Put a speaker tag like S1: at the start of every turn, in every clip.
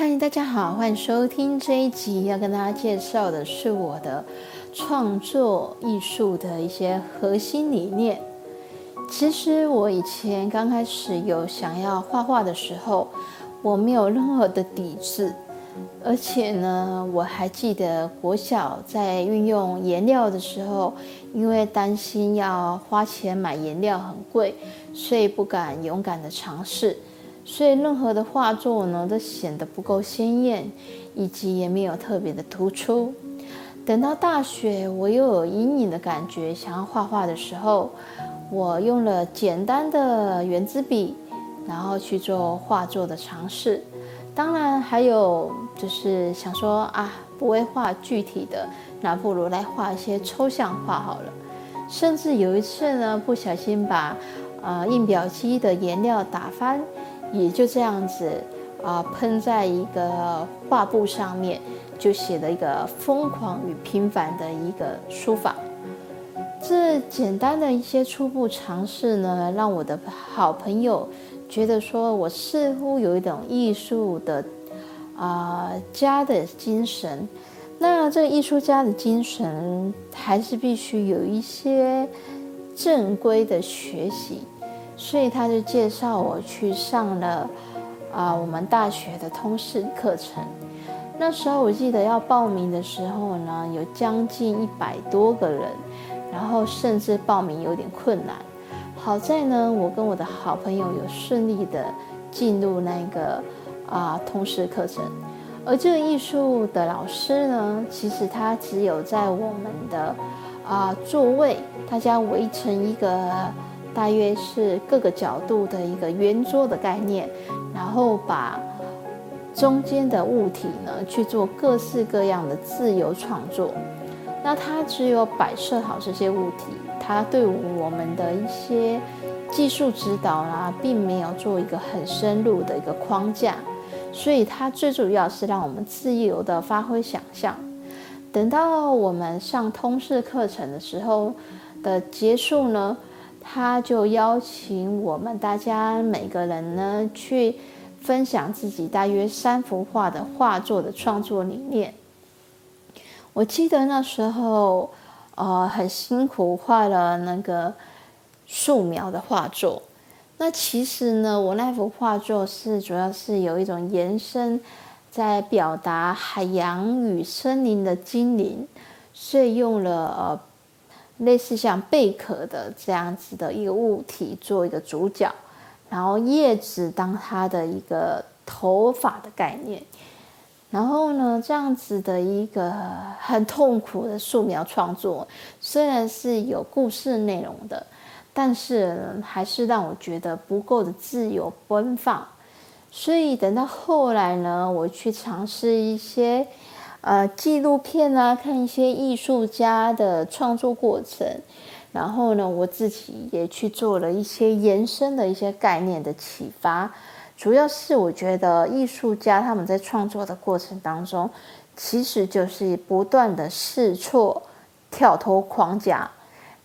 S1: 嗨，大家好，歡迎收聽這一集。要跟大家介紹的是我的創作藝術的一些核心理念。其實我以前剛開始有想要畫畫的時候，我沒有任何的底子，而且呢，我還記得國小在運用顏料的時候，因為擔心要花錢買顏料很貴，所以不敢勇敢地嘗試。所以任何的畫作呢，都顯得不夠鮮豔，以及也沒有特別的突出。等到大學，我又有陰影的感覺，想要畫畫的時候，我用了簡單的原子筆，然後去做畫作的嘗試。當然還有就是想說啊，不會畫具體的，那不如來畫一些抽象畫好了。甚至有一次呢，不小心把呃印表機的顏料打翻。也就這樣子啊，噴、呃、在一個畫布上面，就寫了一個瘋狂與平凡的一個書法。這簡單的一些初步嘗試呢，讓我的好朋友覺得說我似乎有一種藝術的啊、呃、家的精神。那這個藝術家的精神還是必須有一些正規的學習。所以他就介紹我去上了，啊、呃，我們大學的通識課程。那時候我記得要報名的時候呢，有將近一百多個人，然後甚至報名有點困難。好在呢，我跟我的好朋友有順利的進入那個啊、呃、通識課程。而這個藝術的老師呢，其實他只有在我們的啊、呃、座位，大家圍成一個。大約是各個角度的一個圓桌的概念，然後把中間的物體呢，去做各式各樣的自由創作。那它只有擺設好這些物體，它對我們的一些技術指導啦、啊，並沒有做一個很深入的一個框架。所以它最主要是讓我們自由的發揮想象。等到我們上通識課程的時候的結束呢，他就邀請我們大家每個人呢，去分享自己大約三幅畫的畫作的創作理念。我記得那時候，呃，很辛苦畫了那個素描的畫作。那其實呢，我那幅畫作是主要是有一種延伸，在表達海洋與森林的精靈，所以用了呃。類似像貝殼的這樣子的一個物體做一個主角，然後葉子當它的一個頭髮的概念，然後呢，這樣子的一個很痛苦的素描創作，雖然是有故事內容的，但是還是讓我覺得不夠的自由奔放，所以等到後來呢，我去嘗試一些。呃，紀錄片啊，看一些藝術家的創作過程，然後呢，我自己也去做了一些延伸的一些概念的啟發。主要是我覺得藝術家他們在創作的過程當中，其實就是不斷的試錯、跳脫框架，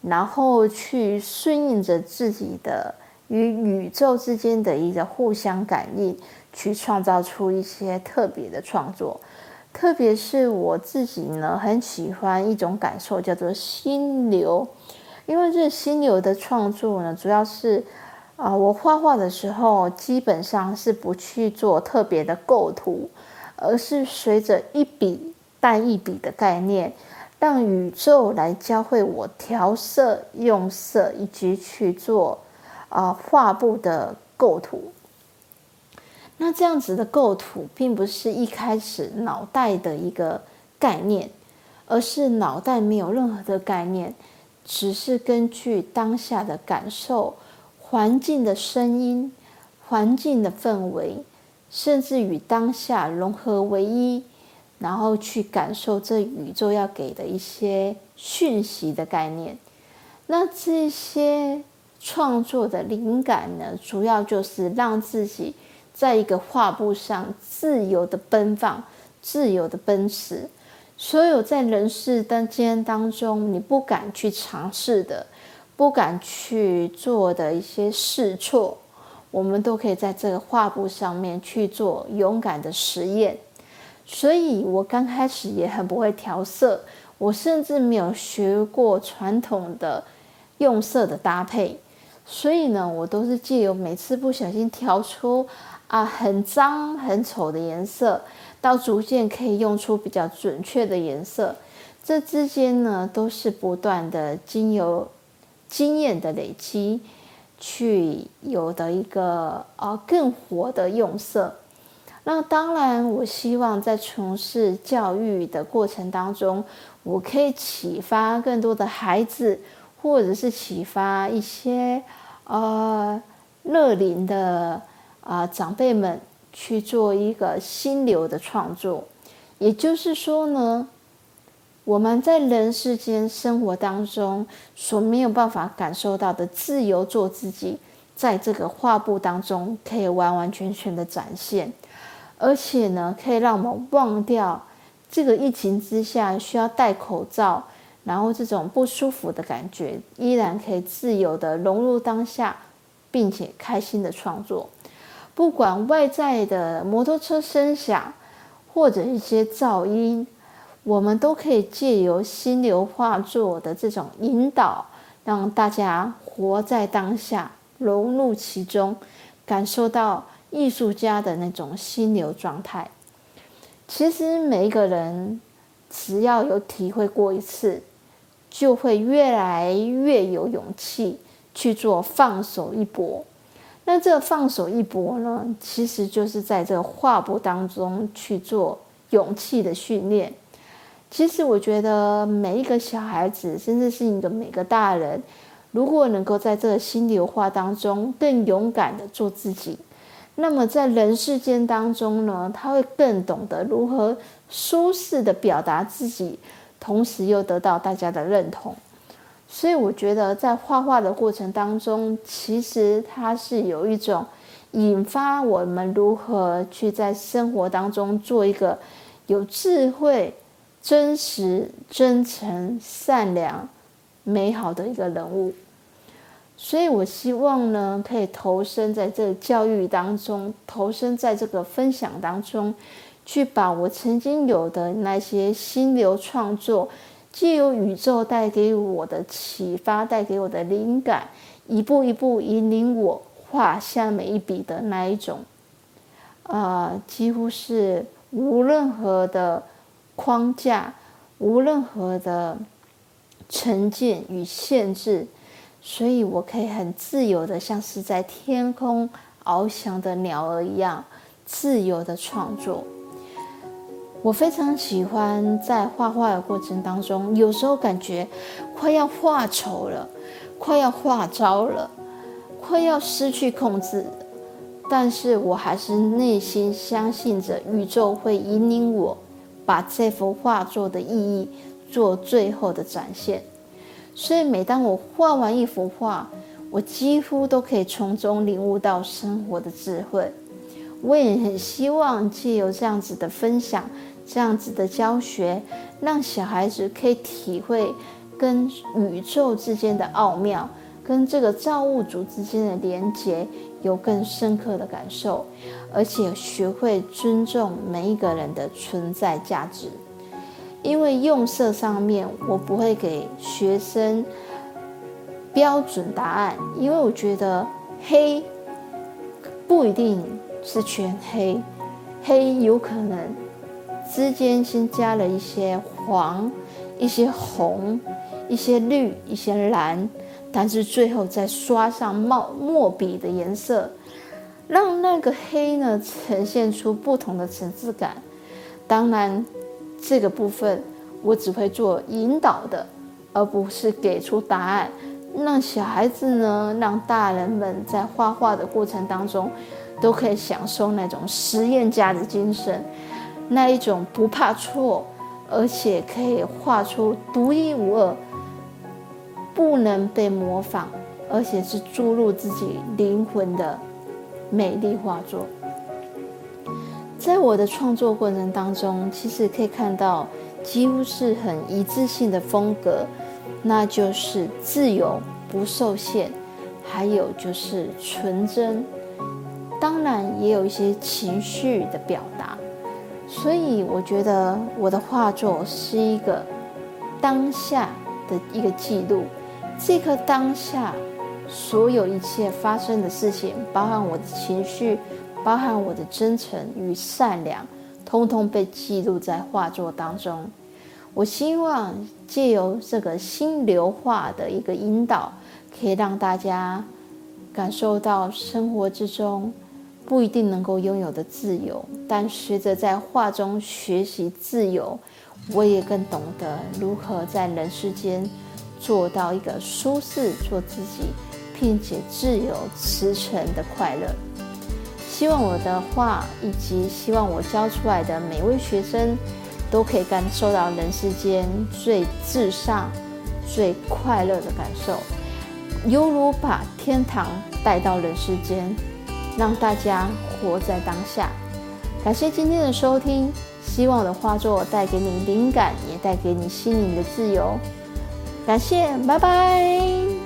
S1: 然後去順應着自己的與宇宙之間的一個互相感應，去創造出一些特別的創作。特別是我自己呢，很喜歡一種感受，叫做心流。因為這心流的創作呢，主要是，啊，我畫畫的時候基本上是不去做特別的構圖，而是隨着一筆帶一筆的概念，讓宇宙來教會我調色、用色，以及去做，啊，畫布的構圖。那這樣子的構圖，並不是一開始腦袋的一個概念，而是腦袋沒有任何的概念，只是根據當下的感受、環境的聲音、環境的氛圍，甚至與當下融合為一，然後去感受這宇宙要給的一些訊息的概念。那這些創作的靈感呢，主要就是讓自己。在一個畫布上自由的奔放，自由的奔馳，所有在人世間當中，你不敢去嘗試的，不敢去做的一些試錯，我們都可以在這個畫布上面去做勇敢的實驗。所以，我剛開始也很不會調色，我甚至沒有學過傳統的用色的搭配，所以呢，我都是借由每次不小心調出。啊，很髒很醜的顏色，到逐漸可以用出比較準確的顏色，這之間呢，都是不斷的經由經驗的累積，去有的一個啊、呃、更活的用色。那當然，我希望在從事教育的過程當中，我可以啟發更多的孩子，或者是啟發一些呃樂齡的。啊、呃，長輩們去做一個心流的創作，也就是說呢，我們在人世間生活當中所沒有辦法感受到的自由，做自己，在這個畫布當中可以完完全全的展現，而且呢，可以讓我們忘掉這個疫情之下需要戴口罩，然後這種不舒服的感覺，依然可以自由的融入當下，並且開心的創作。不管外在的摩托車聲響或者一些噪音，我們都可以借由心流畫作的這種引導，讓大家活在當下，融入其中，感受到藝術家的那種心流狀態。其實每一個人只要有體會過一次，就會越來越有勇氣去做放手一搏。那這個放手一搏呢，其實就是在這個畫布當中去做勇氣的訓練。其實我覺得每一個小孩子，甚至是你的每一個大人，如果能夠在這個心流畫當中更勇敢的做自己，那麼在人世間當中呢，他會更懂得如何舒適的表達自己，同時又得到大家的認同。所以我覺得，在畫畫的過程當中，其實它是有一種引發我們如何去在生活當中做一個有智慧、真實、真誠、善良、美好的一個人物。所以，我希望呢，可以投身在這個教育當中，投身在這個分享當中，去把我曾經有的那些心流創作。藉由宇宙帶給我的啟發，帶給我的靈感，一步一步引領我畫下每一筆的那一種，呃，幾乎是無任何的框架，無任何的成見與限制，所以我可以很自由的，像是在天空翱翔的鳥兒一樣，自由的創作。我非常喜歡在畫畫的過程當中，有時候感覺快要畫醜了，快要畫糟了，快要失去控制，但是我還是內心相信着宇宙會引領我，把這幅畫作的意義做最後的展現。所以每當我畫完一幅畫，我幾乎都可以從中領悟到生活的智慧。我也很希望借由這樣子的分享。這樣子的教學，讓小孩子可以體會跟宇宙之間的奧妙，跟這個造物主之間的連結有更深刻的感受，而且學會尊重每一個人的存在價值。因為用色上面，我不會給學生標準答案，因為我覺得黑不一定是全黑，黑有可能，之間先加了一些黃、一些紅、一些綠、一些藍，但是最後再刷上墨墨筆的顏色，讓那個黑呢，呈現出不同的層次感。當然，這個部分我只會做引導的，而不是給出答案，讓小孩子呢，讓大人們在畫畫的過程當中，都可以享受那種實驗家的精神。那一種不怕錯，而且可以畫出獨一無二、不能被模仿，而且是注入自己靈魂的美麗畫作。在我的創作過程當中，其實可以看到幾乎是很一致性的風格，那就是自由，不受限，還有就是純真，當然也有一些情緒的表達。所以，我覺得我的畫作是一個當下的一個記錄，這個當下所有一切發生的事情，包含我的情緒，包含我的真誠與善良，通通被記錄在畫作當中。我希望借由這個心流畫的一個引導，可以讓大家感受到生活之中，不一定能夠擁有的自由，但學着在畫中學習自由，我也更懂得如何在人世間做到一個舒適、做自己，並且自由馳騁的快樂。希望我的畫，以及希望我教出來的每位學生，都可以感受到人世間最至上、最快樂的感受，猶如把天堂帶到人世間。讓大家活在當下。感謝今天的收聽，希望我的畫作帶給你靈感，也帶給你心靈的自由。感謝，拜拜。